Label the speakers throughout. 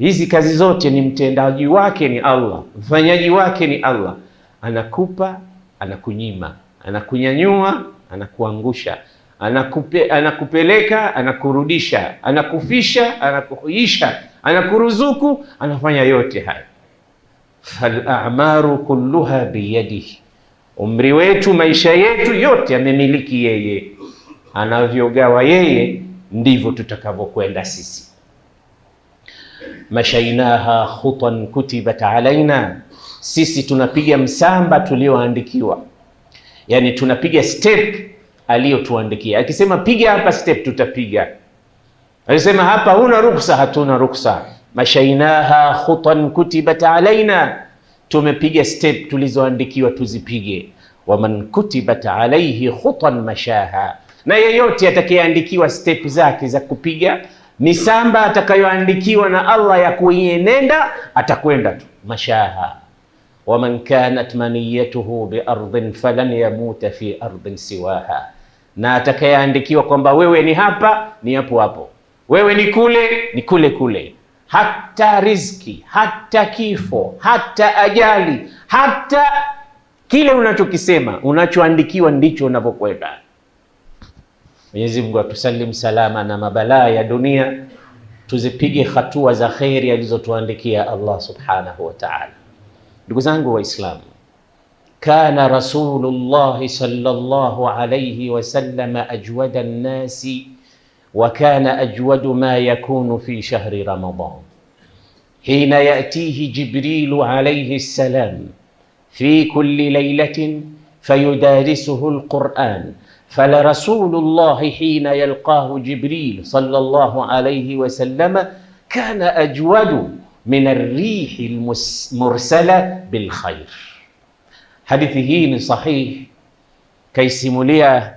Speaker 1: Hizi kazi zote ni mtendaji wake ni Allah, mfanyaji wake ni Allah. Anakupa, anakunyima, anakunyanyua, anakuangusha, anakupe, anakupeleka, anakurudisha, anakufisha, anakuhuisha, anakuruzuku, anafanya yote haya. Fal a'maru kulluha biyadihi, umri wetu, maisha yetu yote amemiliki yeye. Anavyogawa yeye ndivyo tutakavyokwenda sisi mashainaha khutan kutibat alaina, sisi tunapiga msamba tulioandikiwa, yani tunapiga step aliyotuandikia. Akisema piga hapa step tutapiga, akisema hapa huna ruksa hatuna ruksa. Mashainaha khutan kutibat alaina, tumepiga step tulizoandikiwa tuzipige. Waman kutibat alaihi khutan mashaha, na yeyote atakayeandikiwa step zake za kupiga ni samba atakayoandikiwa na Allah ya kuienenda atakwenda tu mashaha waman kanat maniyatuhu ardhin falan yamuta fi ardhin siwaha, na atakayeandikiwa kwamba wewe ni hapa ni hapo hapo, wewe ni kule ni kule kule, hata riziki, hata kifo, hata ajali, hata kile unachokisema unachoandikiwa ndicho unavyokwenda. Mwenyezi Mungu atusalim salama na mabalaa ya dunia, tuzipige hatua za kheri alizotuandikia Allah subhanahu wa ta'ala. Ndugu zangu Waislamu, kana Rasulullah sallallahu alayhi wa sallam ajwada nnasi wa kana ajwadu ma yakunu fi shahri Ramadan hina yatihi Jibrilu alayhi salam fi kulli laylatin fayudarisuhu alquran فلرسول الله حين يلقاه جبريل صلى الله عليه وسلم كان اجود من الريح المرسله بالخير حديثه من صحيح كي سيموليا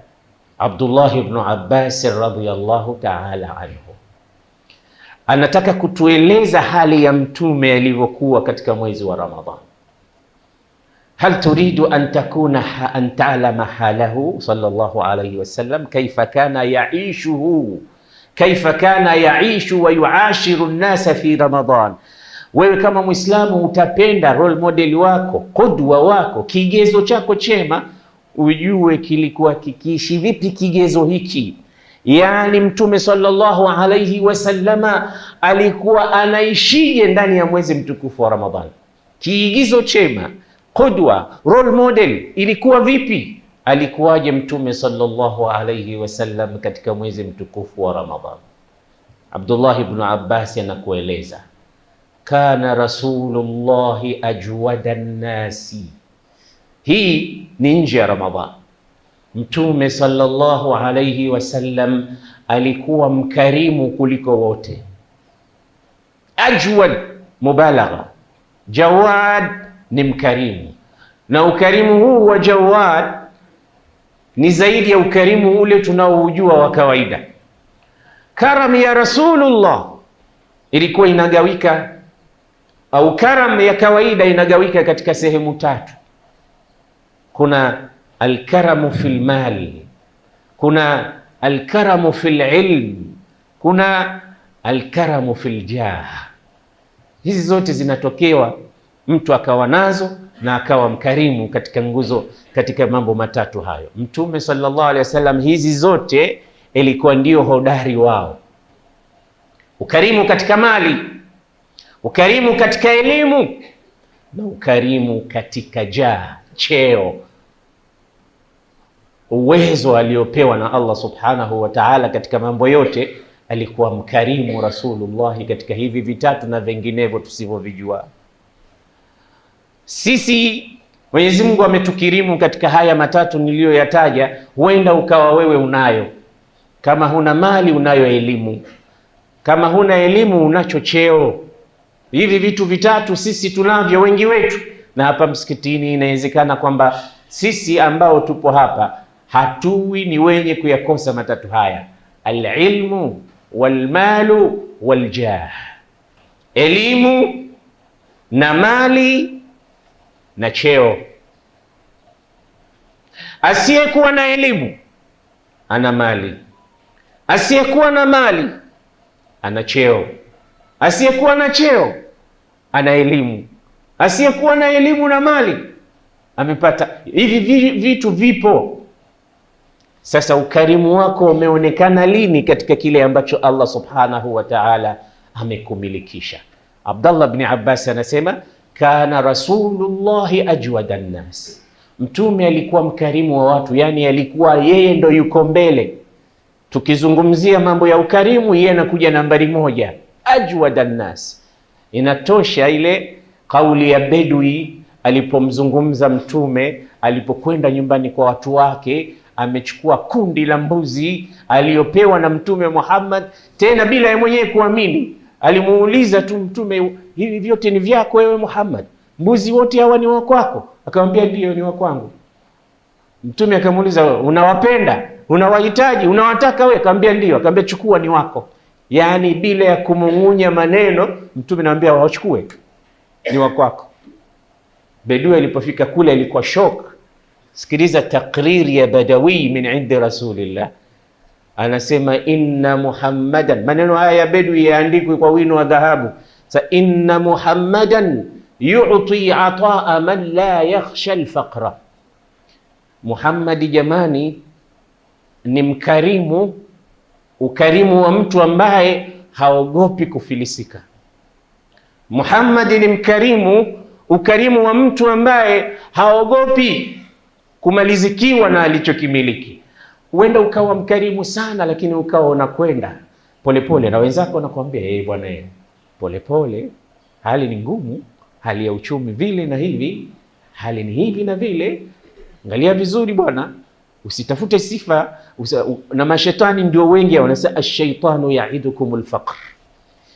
Speaker 1: عبد الله بن عباس رضي الله تعالى عنه أنا kutueleza hali حالي يمتومي alivyokuwa katika mwezi wa ramadhani hal turidu an takuna an ta'lama halahu sallallahu alayhi wasallam kaifa kana yaishuhu kaifa kana yaishu wa yuashiru nnasa fi Ramadan. Wewe kama Mwislamu utapenda role model wako, kudwa wako, kigezo chako chema, ujue kilikuwa kikiishi vipi kigezo hiki. Yaani Mtume sallallahu alayhi wasallama alikuwa anaishije ndani ya mwezi mtukufu wa Ramadhani? Kiigizo chema qudwa, role model ilikuwa vipi? Alikuwaje Mtume sallallahu alayhi wasallam katika mwezi mtukufu wa Ramadhan? Abdullah ibn Abbas anakueleza kana rasulullahi ajwada nnasi. Hii ni nje ya Ramadhan. Mtume sallallahu alayhi wasallam alikuwa mkarimu kuliko wote. Ajwad mubalagha, jawad ni mkarimu, na ukarimu huu wa Jawad ni zaidi ya ukarimu ule tunaoujua wa kawaida. karam ya Rasulullah ilikuwa inagawika au karam ya kawaida inagawika katika sehemu tatu. Kuna alkaramu fil mal, kuna alkaramu fil ilm, kuna alkaramu fil ljaha Hizi zote zinatokewa mtu akawa nazo na akawa mkarimu katika nguzo, katika mambo matatu hayo. Mtume sallallahu alaihi wasallam hizi zote ilikuwa ndio hodari wao: ukarimu katika mali, ukarimu katika elimu na ukarimu katika jaa, cheo, uwezo aliopewa na Allah subhanahu wa ta'ala. Katika mambo yote alikuwa mkarimu Rasulullahi katika hivi vitatu na vinginevyo tusivyovijua. Sisi Mwenyezi Mungu ametukirimu katika haya matatu niliyoyataja. Huenda ukawa wewe unayo, kama huna mali unayo elimu, kama huna elimu unacho cheo. Hivi vitu vitatu sisi tunavyo, wengi wetu, na hapa msikitini inawezekana kwamba sisi ambao tupo hapa hatui ni wenye kuyakosa matatu haya, alilmu walmalu waljah, elimu na mali na cheo. Asiyekuwa na elimu ana mali, asiyekuwa na mali ana cheo, asiyekuwa na cheo ana elimu, asiyekuwa na elimu na mali amepata. Hivi vitu vipo. Sasa ukarimu wako umeonekana lini katika kile ambacho Allah subhanahu wa ta'ala amekumilikisha? Abdallah bin Abbas anasema kana rasulullahi ajwada nnas, mtume alikuwa mkarimu wa watu, yani alikuwa yeye ndo yuko mbele. Tukizungumzia mambo ya ukarimu, yeye anakuja nambari moja, ajwada nnas. Inatosha ile kauli ya Bedui alipomzungumza mtume alipokwenda nyumbani kwa watu wake, amechukua kundi la mbuzi aliyopewa na mtume Muhammad, tena bila ya mwenyewe kuamini. Alimuuliza tu mtume hivi vyote ni vyako wewe Muhammad, mbuzi wote hawa ni wakwako? Akamwambia ndio, ni wakwangu. Mtume akamuuliza unawapenda, unawahitaji, unawataka wewe? Akamwambia ndio. Akamwambia chukua, ni wako. Yaani bila ya kumung'unya maneno, mtume anamwambia wachukue, ni wakwako. Bedui alipofika kule alikuwa shock. Sikiliza takriri ya Badawi min indi Rasulillah, anasema inna Muhammadan. Maneno haya ya Bedui yaandikwe kwa wino wa dhahabu fa inna Muhammadan yu'ti ataa man la yakhsha alfaqra, Muhammadi jamani, ni mkarimu, ukarimu wa mtu ambaye haogopi kufilisika. Muhammadi ni mkarimu, ukarimu wa mtu ambaye haogopi kumalizikiwa na alichokimiliki. Huenda ukawa mkarimu sana, lakini ukawa unakwenda polepole na wenzako wanakuambia, yeye eh, bwana, yeye eh polepole, hali ni ngumu, hali ya uchumi vile na hivi, hali ni hivi na vile. Angalia vizuri bwana, usitafute sifa usa, u, na mashetani ndio wengi wanasema ashaitanu yaidukum lfaqr.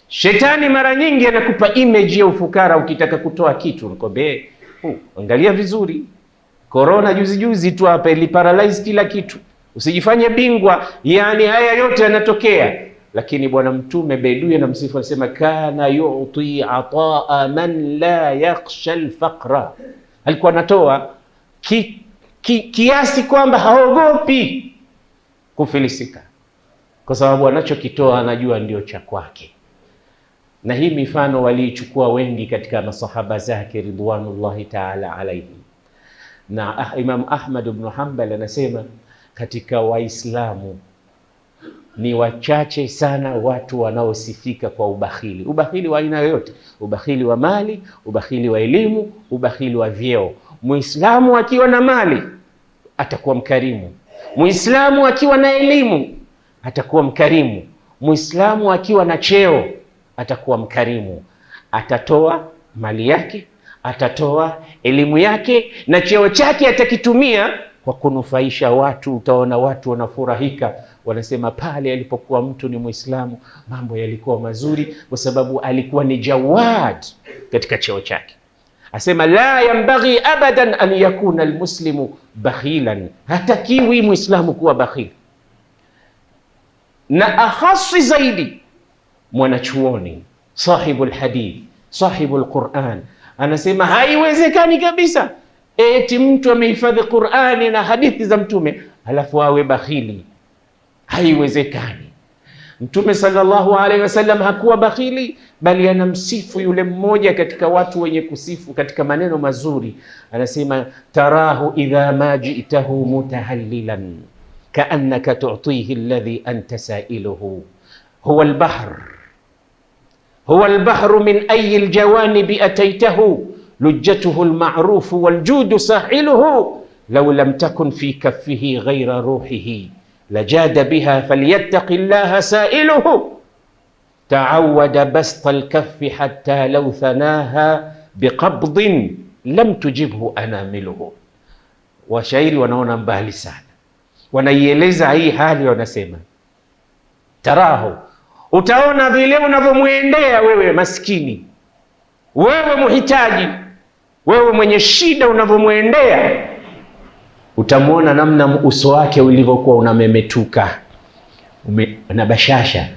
Speaker 1: Shetani mara nyingi anakupa image ya ufukara. Ukitaka kutoa kitu nakwambia angalia vizuri. Korona juzi juzi tu hapa iliparalyze kila kitu, usijifanye bingwa. Yani haya yote yanatokea lakini bwana Mtume na anamsifu anasema, kana yuti ataa man la yakhsha lfaqra, alikuwa anatoa ki, ki, kiasi kwamba haogopi kufilisika, kwa sababu anachokitoa anajua ndio cha kwake. Na hii mifano waliichukua wengi katika masahaba zake ridwanullahi taala alaihim. Na Imam Ahmad bnu Hanbal anasema katika Waislamu ni wachache sana watu wanaosifika kwa ubakhili. Ubakhili wa aina yoyote, ubakhili wa mali, ubakhili wa elimu, ubakhili wa vyeo. Muislamu akiwa na mali atakuwa mkarimu, muislamu akiwa na elimu atakuwa mkarimu, muislamu akiwa na cheo atakuwa mkarimu, atatoa mali yake, atatoa elimu yake na cheo chake atakitumia kwa kunufaisha watu. Utaona watu wanafurahika Wanasema pale alipokuwa mtu ni Mwislamu mambo yalikuwa mazuri, kwa sababu alikuwa ni jawad katika cheo chake. Asema la yambaghi abadan an yakuna almuslimu bakhilan, hatakiwi mwislamu kuwa bakhil. Na ahasi zaidi mwanachuoni sahibu lhadith sahibu lquran anasema haiwezekani kabisa eti mtu amehifadhi Qurani na hadithi za Mtume alafu awe bakhili. Haiwezekani. Mtume sallallahu alaihi wasallam hakuwa bakhili, bali anamsifu yule mmoja katika watu wenye kusifu katika maneno mazuri, anasema tarahu idha ma jitahu mutahallilan kaannaka tutihi alladhi anta sailuhu huwa albahr huwa albahru min ayi ljawanibi ataitahu lujjatuhu lmarufu waljudu sahiluhu lau lam takun fi kafihi ghaira ruhihi لجاد بها فليتق الله سائله تعود بسط الكف حتى لو ثناها بقبض lam tujibu anamiluhu. Washairi wanaona mbali sana, wanaieleza hii hali, wanasema tarahu, utaona vile unavyomwendea wewe maskini, wewe muhitaji, wewe mwenye shida unavyomwendea utamwona namna uso wake ulivyokuwa unamemetuka ume, na bashasha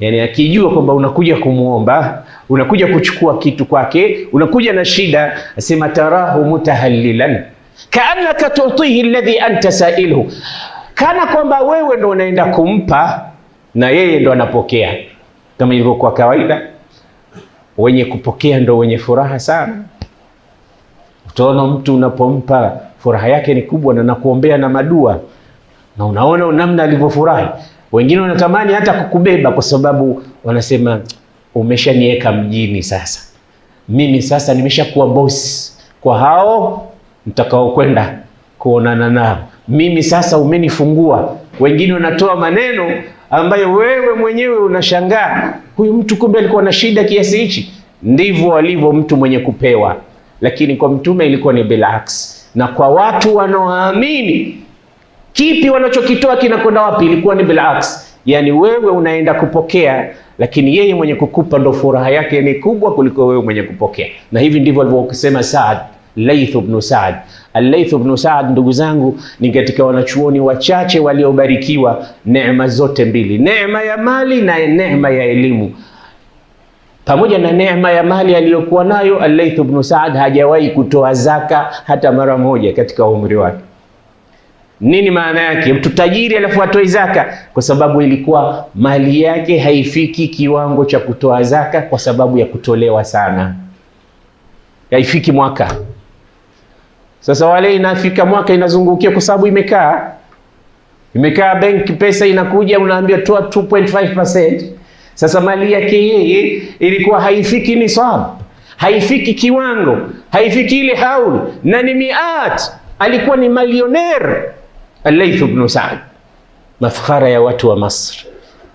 Speaker 1: yani, akijua kwamba unakuja kumwomba, unakuja kuchukua kitu kwake, unakuja na shida, asema tarahu mutahallilan kaannaka tutihi alladhi anta sailhu, kana kwamba wewe ndo unaenda kumpa na yeye ndo anapokea, kama ilivyokuwa kawaida. Wenye kupokea ndo wenye furaha sana. Utaona mtu unapompa furaha yake ni kubwa, na nakuombea na madua, na unaona namna alivyofurahi. Wengine wanatamani hata kukubeba, kwa sababu wanasema umeshaniweka mjini, sasa mimi sasa nimeshakuwa bosi kwa hao mtakaokwenda kuonana nao, mimi sasa umenifungua. Wengine wanatoa maneno ambayo wewe mwenyewe unashangaa, huyu mtu kumbe alikuwa na shida kiasi hichi. Ndivyo alivyo mtu mwenye kupewa, lakini kwa mtume ilikuwa ni bilaks na kwa watu wanaoamini kipi wanachokitoa kinakwenda wapi? Ilikuwa ni bilaks, yani wewe unaenda kupokea, lakini yeye mwenye kukupa ndo furaha yake ni kubwa kuliko wewe mwenye kupokea. Na hivi ndivyo alivyokisema Saad Laith bnu Saad. al bnu Saad, ndugu zangu, ni katika wanachuoni wachache waliobarikiwa nema zote mbili, nema ya mali na nema ya elimu pamoja na neema ya mali aliyokuwa nayo, Al-Layth ibn Sa'd hajawahi kutoa zaka hata mara moja katika umri wake. Nini maana yake? Mtu tajiri alafu atoe zaka? Kwa sababu ilikuwa mali yake haifiki kiwango cha kutoa zaka, kwa sababu ya kutolewa sana, haifiki mwaka. Sasa wale inafika mwaka inazungukia, kwa sababu imekaa imekaa benki, pesa inakuja, unaambia toa 2.5% sasa mali yake yeye ilikuwa haifiki nisab, haifiki kiwango, haifiki ile haul, na ni miat, alikuwa ni malioner Alaith bnu Saad, mafkhara ya watu wa Masr.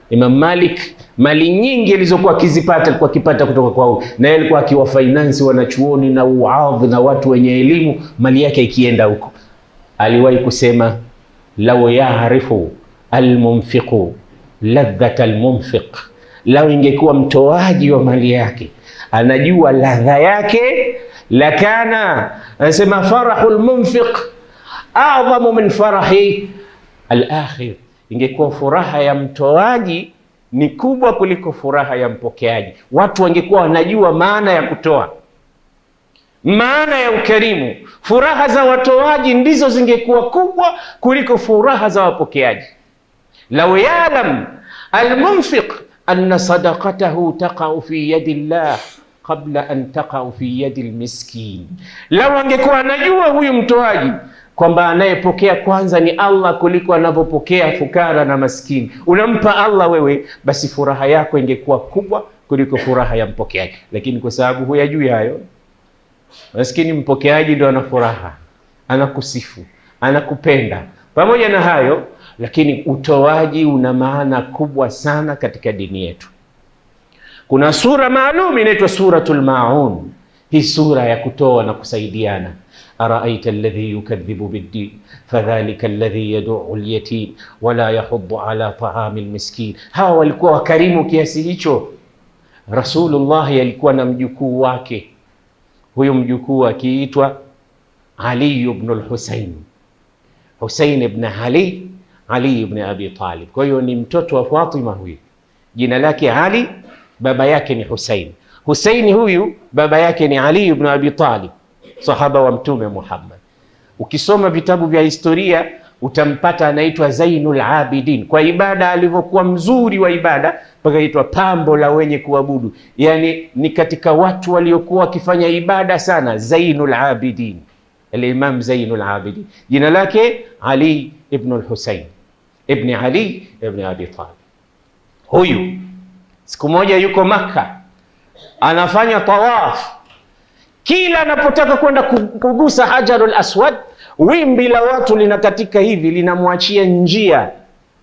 Speaker 1: Imam Malik mali nyingi alizokuwa akizipata alikuwa akipata kutoka kwa kwao, na yeye alikuwa akiwa finance wanachuoni na uadhi na watu wenye elimu, mali yake ikienda huko. Aliwahi kusema law yaarifu almunfiqu ladhata almunfiq lau ingekuwa mtoaji wa mali yake anajua ladha yake, lakana anasema farahu lmunfiq adhamu min farahi alakhir, ingekuwa furaha ya mtoaji ni kubwa kuliko furaha ya mpokeaji. Watu wangekuwa wanajua maana ya kutoa, maana ya ukarimu. Furaha za watoaji ndizo zingekuwa kubwa kuliko furaha za wapokeaji. lau yalam almunfiq anna sadaqatahu taqau fi yadi llah qabla an taqau fi yadi lmiskin. Lau angekuwa anajua huyu mtoaji kwamba anayepokea kwanza ni Allah kuliko anavyopokea fukara na maskini, unampa Allah wewe, basi furaha yako ingekuwa kubwa kuliko furaha ya mpokeaji. Lakini kwa sababu huyajui hayo, maskini mpokeaji ndo ana furaha, anakusifu, anakupenda. Pamoja na hayo lakini utoaji una maana kubwa sana katika dini yetu. Kuna sura maalum inaitwa suratul Maun, hii sura ya kutoa na kusaidiana. Araaita alladhi yukadhibu biddin fadhalika alladhi yaduu alyatim wala yahuddu ala taami almiskin. Hawa walikuwa wakarimu kiasi hicho. Rasulullahi alikuwa na mjukuu wake, huyu mjukuu akiitwa Ali ibn al husain Husayn ibn Ali ali ibn Abi Talib. Kwa hiyo ni mtoto wa Fatima huyu, jina lake Ali, baba yake ni Husaini. Husaini huyu baba yake ni Ali ibn Abi Talib, sahaba wa Mtume Muhammad. Ukisoma vitabu vya historia utampata anaitwa Zainul Abidin kwa ibada alivyokuwa mzuri wa ibada, mpaka itwa pambo la wenye kuabudu. Yani ni katika watu waliokuwa wakifanya ibada sana, Zainul Abidin, al-Imam Zainul Abidin, jina lake Ali ibn al-Husayn ibni Ali ibni Abi Talib. Huyu siku moja yuko Makka anafanya tawaf, kila anapotaka kwenda kugusa Hajarul Aswad, wimbi la watu linakatika hivi linamwachia njia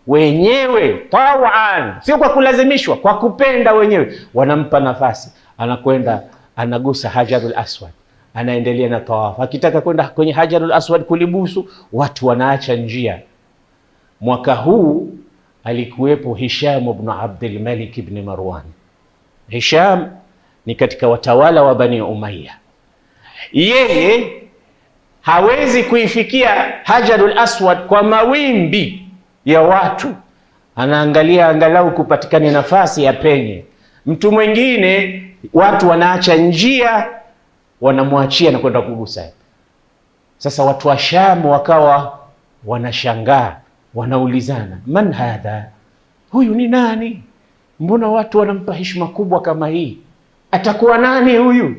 Speaker 1: wenyewe tawan, sio kwa kulazimishwa, kwa kupenda wenyewe, wanampa nafasi, anakwenda anagusa Hajarul Aswad, anaendelea na tawafu. Akitaka kwenda kwenye Hajarul Aswad kulibusu, watu wanaacha njia Mwaka huu alikuwepo Hisham ibn Abdul Malik ibn Marwan. Hisham ni katika watawala wa Bani Umayya. Yeye hawezi kuifikia Hajarul Aswad kwa mawimbi ya watu, anaangalia angalau kupatikane nafasi ya penye mtu mwingine. Watu wanaacha njia, wanamwachia na kwenda kugusa. Sasa watu wa Sham wakawa wanashangaa wanaulizana, man hadha, huyu ni nani? Mbona watu wanampa heshima kubwa kama hii? Atakuwa nani huyu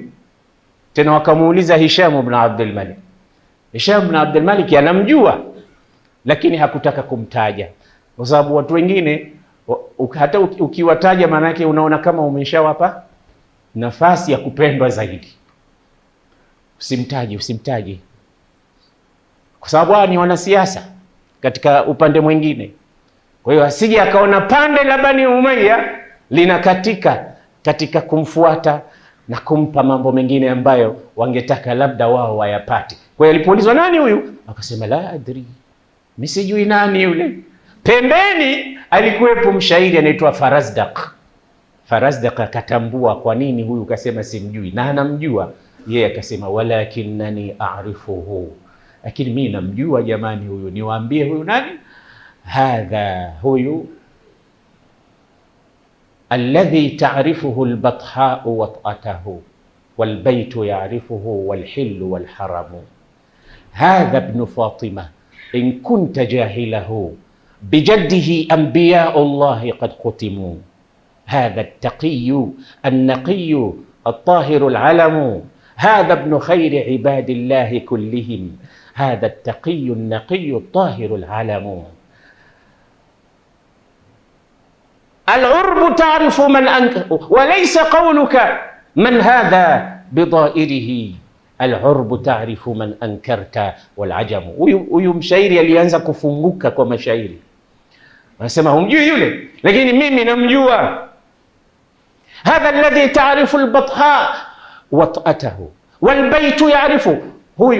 Speaker 1: tena? Wakamuuliza Hishamu bnu Abdul Malik. Hishamu bnu Abdul Malik anamjua, lakini hakutaka kumtaja kwa sababu watu wengine hata ukiwataja, maana yake unaona kama umeshawapa nafasi ya kupendwa zaidi. Usimtaji, usimtaji kwa sababu hawa ni wanasiasa katika upande mwingine. Kwa hiyo asije akaona pande la Bani Umayya linakatika katika kumfuata na kumpa mambo mengine ambayo wangetaka labda wao wayapate. Kwa hiyo alipoulizwa nani huyu, akasema la adri, mimi sijui nani yule. Pembeni alikuwepo mshairi anaitwa Farazdak. Farazdak akatambua kwa nini huyu kasema simjui, na anamjua yeye, akasema walakinnani a'rifuhu lakini mi namjua jamani, huyu niwaambie, huyu nani? Hadha, huyu alladhi taarifuhu lbathau watatahu walbaitu yaarifuhu walhilu walharamu hadha bnu fatima in kunta jahilahu bijaddihi anbiyau llahi qad kutimu هذا التقي النقي الطاهر العلم هذا ابن خير عباد الله كلهم هذا التقي النقي الطاهر العلم العرب تعرف من أنك وليس قولك من هذا بضائره العرب تعرف من أنكرت والعجم ويوم ويمشيري اللي ينزك فمك كمشيري ما هم جو يولي لكن ميمي نمجوا هذا الذي تعرف البطحاء وطأته والبيت يعرفه هو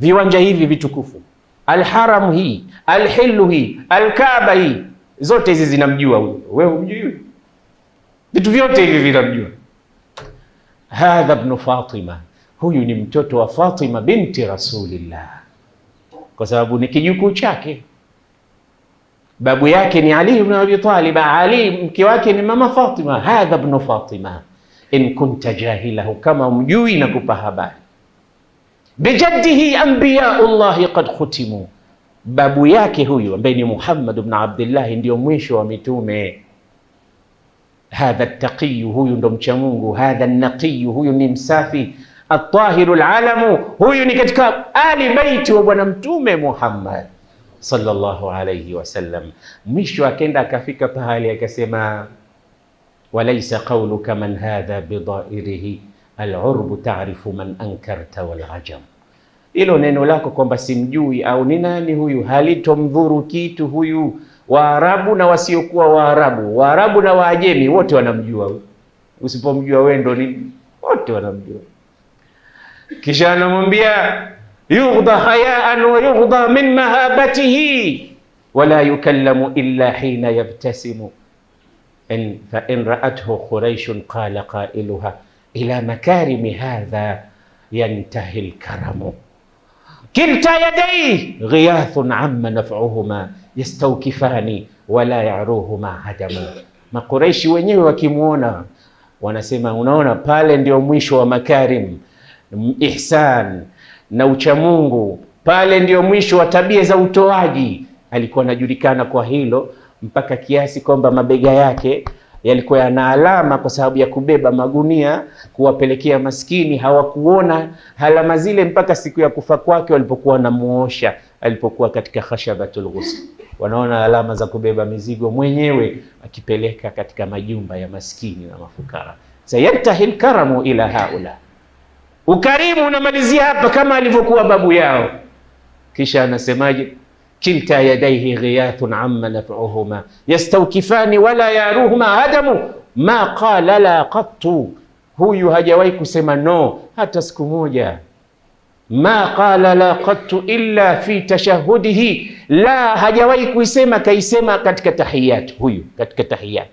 Speaker 1: viwanja hivi vitukufu, alharamu hii, alhilu hii, alkaba hii, zote hizi zinamjua huyo. Wewe humjui? Vitu vyote hivi vinamjua. Hadha bnu Fatima, huyu ni mtoto wa Fatima binti Rasulillah, kwa sababu ni kijukuu chake. Babu yake ni Ali ibn Abi Talib, Ali mke wake ni mama Fatima. Hadha bnu Fatima in kunta jahilahu, kama umjui na kupa habari بجده أنبياء الله قد ختموا بابو ياكي هو بين محمد بن عبد الله ديوم ويشو ومتومي هذا التقي هو ندم شمونغو هذا النقي هو نمسافي الطاهر العالم هو نكتك آل بيت ونمتومي محمد صلى الله عليه وسلم مش وكين داك فيك يا كسما وليس قولك من هذا بضائره العرب تعرف من أنكرت والعجم hilo neno lako kwamba simjui au ni nani huyu, halitomdhuru kitu huyu. Waarabu na wasiokuwa Waarabu, Waarabu na Waajemi, wote wanamjua. Usipomjua wewe ndo nini? Wote wanamjua. Kisha anamwambia yughdha hayaan wa yughdha min mahabatihi wala yukallamu illa hina yabtasimu fa in raathu quraishun qala qailuha ila makarimi hadha yantahi lkaramu kilta yadaihi ghiyathun amma naf'uhuma yastawkifani wala yaruhuma hadamu. Makuraishi wenyewe wakimwona wanasema, unaona pale ndio mwisho wa makarim ihsan na uchamungu, pale ndio mwisho wa tabia za utoaji. Alikuwa anajulikana kwa hilo mpaka kiasi kwamba mabega yake yalikuwa yana alama kwa sababu ya kubeba magunia kuwapelekea maskini. Hawakuona alama zile mpaka siku ya kufa kwake, walipokuwa wanamuosha, alipokuwa katika khashabatul ghusl. Wanaona alama za kubeba mizigo mwenyewe akipeleka katika majumba ya maskini na mafukara. Sayantahi lkaramu ila haula, ukarimu unamalizia hapa, kama alivyokuwa babu yao. Kisha anasemaje? كلتا يديه غياث عم نفعهما يستوكفان ولا يعروهما هدم ما قال لا قط هو هجويك سما نو حتى سكموجا ما قال لا قط إلا في تشهده لا هجويك سما كيسما كتك تحيات هو كتك تحيات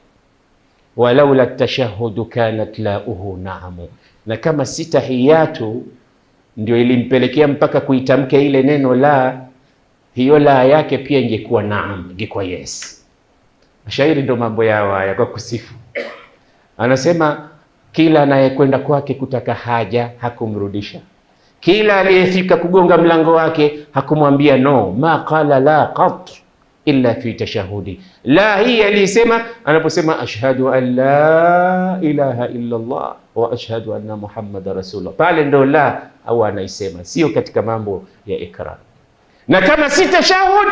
Speaker 1: ولولا التشهد كانت لاؤه نعم لكما ستحيات ndio ilimpelekea mpaka kuitamka ile neno la hiyo la yake pia ingekuwa naam, ingekuwa yes. Mashairi ndo mambo yao haya kwa kusifu. Anasema kila anayekwenda kwake kutaka haja hakumrudisha, kila aliyefika kugonga mlango wake hakumwambia no. Ma qala la qat illa fi tashahudi la, hii aliyesema anaposema ashhadu an la ilaha illa Allah wa ashhadu anna muhammada rasulullah, pale ndo la au anaisema, sio katika mambo ya ikrar na kama si tashahud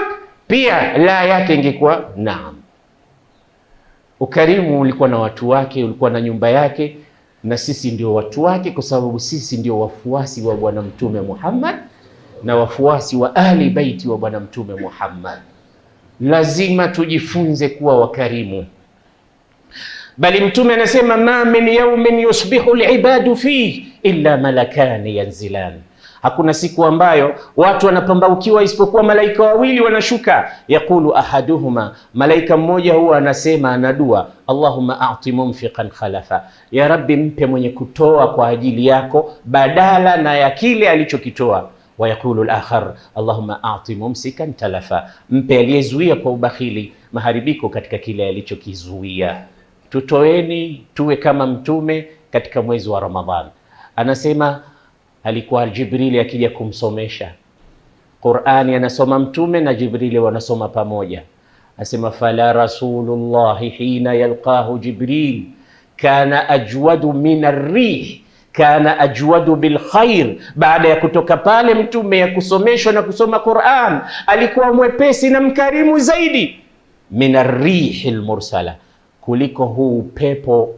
Speaker 1: pia la yake ingekuwa naam. Ukarimu ulikuwa na watu wake, ulikuwa na nyumba yake, na sisi ndio watu wake, kwa sababu sisi ndio wafuasi wa Bwana Mtume Muhammad na wafuasi wa ahli baiti wa Bwana Mtume Muhammad. Lazima tujifunze kuwa wakarimu, bali Mtume anasema ma min yaumin yusbihu libadu fihi illa malakani yanzilani Hakuna siku ambayo watu wanapambaukiwa isipokuwa malaika wawili wanashuka. Yaqulu ahaduhuma, malaika mmoja huwa anasema, anadua, Allahumma a'ti munfiqan khalafa, ya Rabbi, mpe mwenye kutoa kwa ajili yako badala na ya kile alichokitoa wa yaqulu al a'ti mumsikan talafa, mpe aliyezuia kwa ubakhili maharibiko katika kile alichokizuia. Tutoeni tuwe kama mtume katika mwezi wa ramadhan anasema alikuwa Jibrili akija kumsomesha Qur'ani, anasoma mtume na Jibrili wanasoma pamoja. Asema fala rasulullahi hina yalqahu Jibril kana ajwadu min arrih kana ajwadu bil khair. Baada ya kutoka pale mtume ya kusomeshwa na kusoma Qur'an, alikuwa mwepesi na mkarimu zaidi min arrihi lmursala, kuliko huu upepo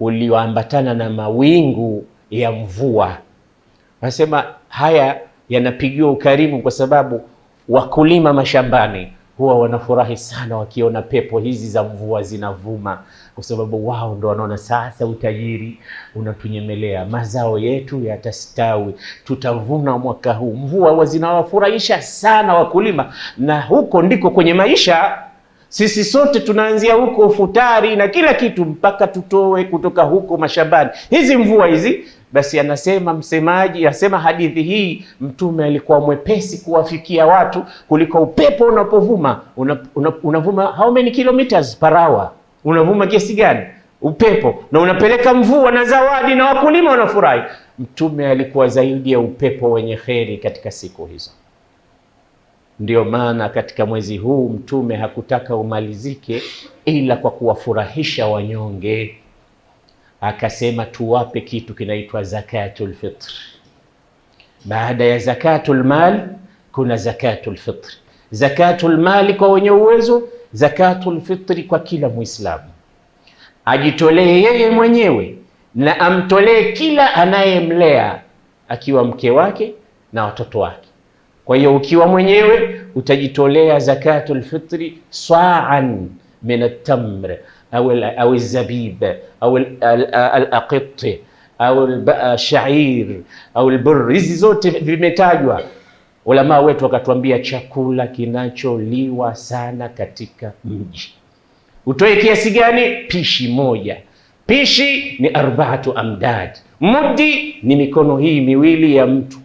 Speaker 1: ulioambatana na mawingu ya mvua Anasema haya yanapigiwa ukarimu kwa sababu wakulima mashambani huwa wanafurahi sana wakiona pepo hizi za mvua zinavuma, kwa sababu wao ndo wanaona sasa utajiri unatunyemelea, mazao yetu yatastawi, tutavuna mwaka huu. Mvua huwa zinawafurahisha sana wakulima, na huko ndiko kwenye maisha sisi sote tunaanzia huko, futari na kila kitu, mpaka tutoe kutoka huko mashambani. Hizi mvua hizi basi anasema msemaji, anasema hadithi hii, Mtume alikuwa mwepesi kuwafikia watu kuliko upepo unapovuma. Una, una, unavuma how many kilometers per hour? Unavuma kiasi gani upepo? Na unapeleka mvua na zawadi, na wakulima wanafurahi. Mtume alikuwa zaidi ya upepo wenye kheri katika siku hizo. ndio maana katika mwezi huu Mtume hakutaka umalizike ila kwa kuwafurahisha wanyonge akasema tuwape kitu kinaitwa zakatul fitr. Baada ya zakatul mal kuna zakatul fitr, zakatul mali kwa wenye uwezo, zakatul fitri kwa kila Muislamu ajitolee yeye mwenyewe na amtolee kila anayemlea akiwa mke wake na watoto wake. Kwa hiyo ukiwa mwenyewe utajitolea zakatul fitri sa'an min at-tamr au au zabib au alaqit au shair au albir. Hizi zote vimetajwa, ulama wetu wakatuambia chakula kinacholiwa sana katika mji utoe kiasi gani? Pishi moja, pishi ni arbaatu amdad, mudi ni mikono hii miwili ya mtu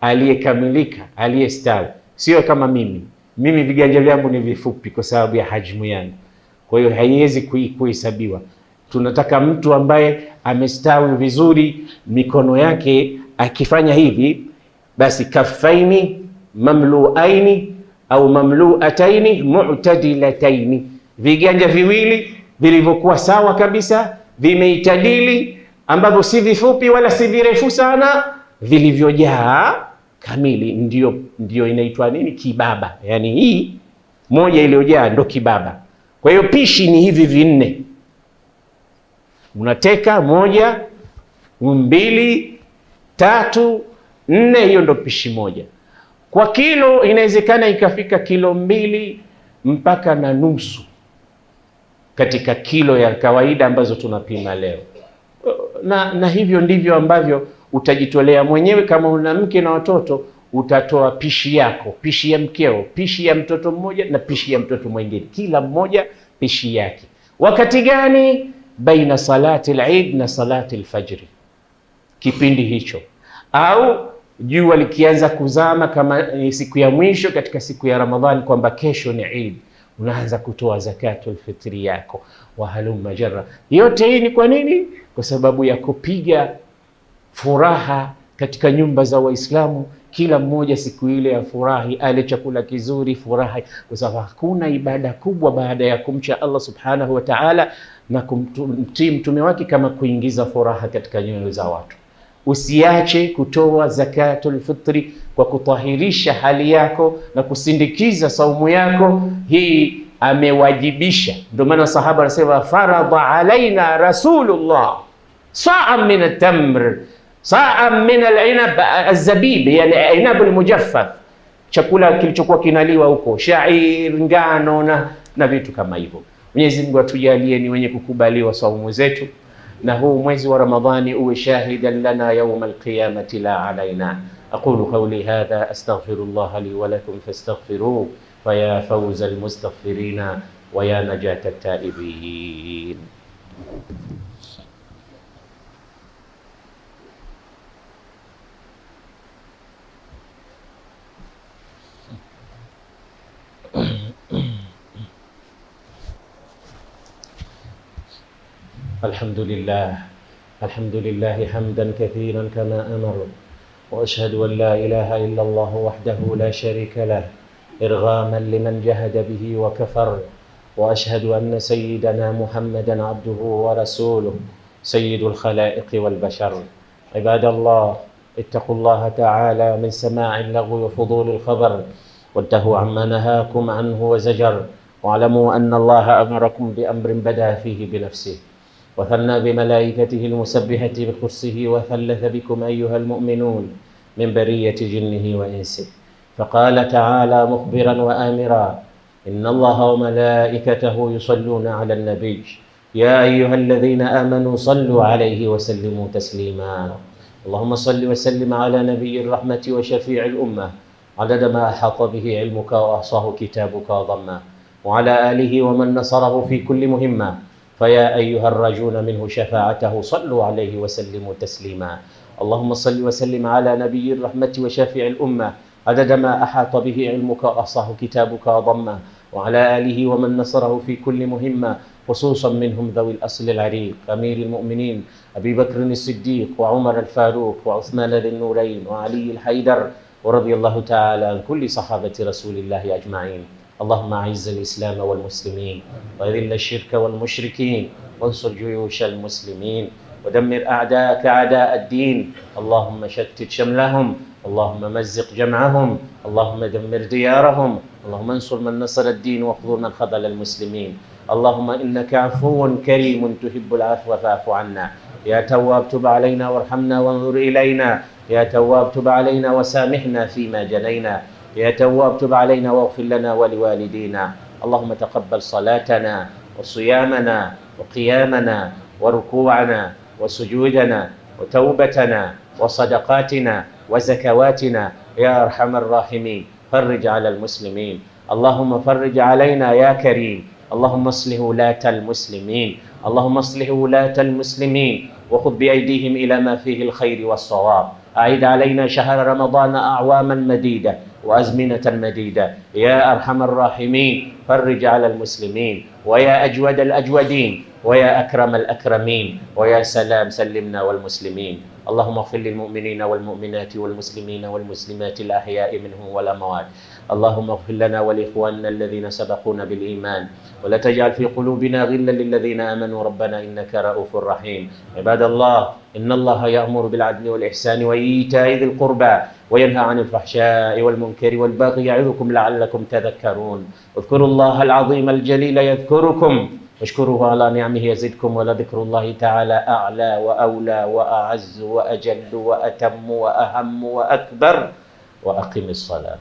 Speaker 1: aliyekamilika aliyestawi, sio kama mimi. Mimi viganja vyangu ni vifupi kwa sababu ya hajmu yangu. Kwa hiyo haiwezi kuhesabiwa. Tunataka mtu ambaye amestawi vizuri, mikono yake akifanya hivi, basi kafaini mamluaini au mamluataini mu'tadilataini, viganja viwili vilivyokuwa sawa kabisa, vimeitadili, ambavyo si vifupi wala si virefu sana, vilivyojaa kamili, ndio ndio inaitwa nini, kibaba. Yani hii moja iliyojaa ndo kibaba. Kwa hiyo pishi ni hivi vinne, unateka moja, mbili, tatu, nne, hiyo ndo pishi moja. Kwa kilo inawezekana ikafika kilo mbili mpaka na nusu katika kilo ya kawaida ambazo tunapima leo, na, na hivyo ndivyo ambavyo utajitolea mwenyewe kama una mke na watoto utatoa pishi yako, pishi ya mkeo, pishi ya mtoto mmoja na pishi ya mtoto mwingine, kila mmoja pishi yake. Wakati gani? Baina salati al-Eid na salati al fajr kipindi hicho au jua likianza kuzama, kama ni eh, siku ya mwisho katika siku ya Ramadhani, kwamba kesho ni Eid, unaanza kutoa zakatul fitri yako, wa halumma jarra. Yote hii ni kwa nini? Kwa sababu ya kupiga furaha katika nyumba za Waislamu kila mmoja siku ile afurahi, ale chakula kizuri, furahi, kwa sababu hakuna ibada kubwa baada ya kumcha Allah subhanahu wa ta'ala na kumtii mtume wake kama kuingiza furaha katika nyoyo za watu. Usiache kutoa zakatul fitri kwa kutahirisha hali yako na kusindikiza saumu yako hii amewajibisha. Ndio maana sahaba anasema faradha alaina rasulullah saa min atamr saa من العنب الزبيب يعني inabu المجفف chakula kilichokuwa kinaliwa huko, shair, ngano na na vitu kama hivyo. Mwenyezi Mungu atujalie ni wenye kukubaliwa saumu zetu, na huu mwezi wa Ramadhani uwe shahidan lana yawma alqiyamati la alaina. Aqulu qawli hadha astaghfirullah li wa lakum fastaghfiruhu fa ya fawza almustaghfirina wa ya najata at-taibin.
Speaker 2: الحمد لله الحمد لله حمدا كثيرا كما أمر وأشهد أن لا إله إلا الله وحده لا شريك له إرغاما لمن جهد به وكفر وأشهد أن سيدنا محمدا عبده ورسوله سيد الخلائق والبشر عباد الله اتقوا الله تعالى من سماع اللغو وفضول الخبر وانتهوا عما نهاكم عنه وزجر واعلموا أن الله أمركم بأمر بدأ فيه بنفسه وثنى بملائكته المسبحة بخصه وثلث بكم أيها المؤمنون من برية جنه وإنسه فقال تعالى مخبرا وآمرا إن الله وملائكته يصلون على النبي يا أيها الذين آمنوا صلوا عليه وسلموا تسليما اللهم صل وسلم على نبي الرحمة وشفيع الأمة عدد ما أحاط به علمك وأحصاه كتابك وضمه وعلى آله ومن نصره في كل مهمة فيا أيها الراجون منه شفاعته صلوا عليه وسلموا تسليما اللهم صل وسلم على نبي الرحمة وشافع الأمة عدد ما أحاط به علمك وأحصاه كتابك وضمه وعلى آله ومن نصره في كل مهمة خصوصا منهم ذوي الأصل العريق أمير المؤمنين أبي بكر الصديق وعمر الفاروق وعثمان ذي النورين وعلي الحيدر ورضي الله تعالى عن كل صحابة رسول الله أجمعين اللهم أعز الإسلام والمسلمين وأذل الشرك والمشركين وانصر جيوش المسلمين ودمر أعداءك أعداء الدين اللهم شتت شملهم اللهم مزق جمعهم اللهم دمر ديارهم اللهم انصر من نصر الدين واخذل من خذل المسلمين اللهم إنك عفو كريم تحب العفو فاعف عنا يا تواب تب علينا وارحمنا وانظر إلينا يا تواب تب علينا وسامحنا فيما جنينا يا تواب تب علينا واغفر لنا ولوالدينا اللهم تقبل صلاتنا وصيامنا وقيامنا وركوعنا وسجودنا وتوبتنا وصدقاتنا وزكواتنا يا أرحم الراحمين فرج على المسلمين اللهم فرج علينا يا كريم اللهم اصلح ولاة المسلمين اللهم اصلح ولاة المسلمين وخذ بأيديهم إلى ما فيه الخير والصواب أعيد علينا شهر رمضان أعواما مديدة وأزمنة مديدة يا أرحم الراحمين فرج على المسلمين ويا أجود الأجودين ويا أكرم الأكرمين ويا سلام سلمنا والمسلمين اللهم اغفر للمؤمنين والمؤمنات والمسلمين والمسلمات الأحياء منهم والأموات اللهم اغفر لنا ولاخواننا الذين سبقونا بالايمان ولا تجعل في قلوبنا غلا للذين امنوا ربنا انك رؤوف رحيم عباد الله ان الله يامر بالعدل والاحسان وايتاء ذي القربى وينهى عن الفحشاء والمنكر والبغي يعظكم لعلكم تذكرون اذكروا الله العظيم الجليل يذكركم واشكروه على نعمه يزدكم ولذكر الله تعالى اعلى واولى واعز واجل واتم واهم واكبر واقم الصلاه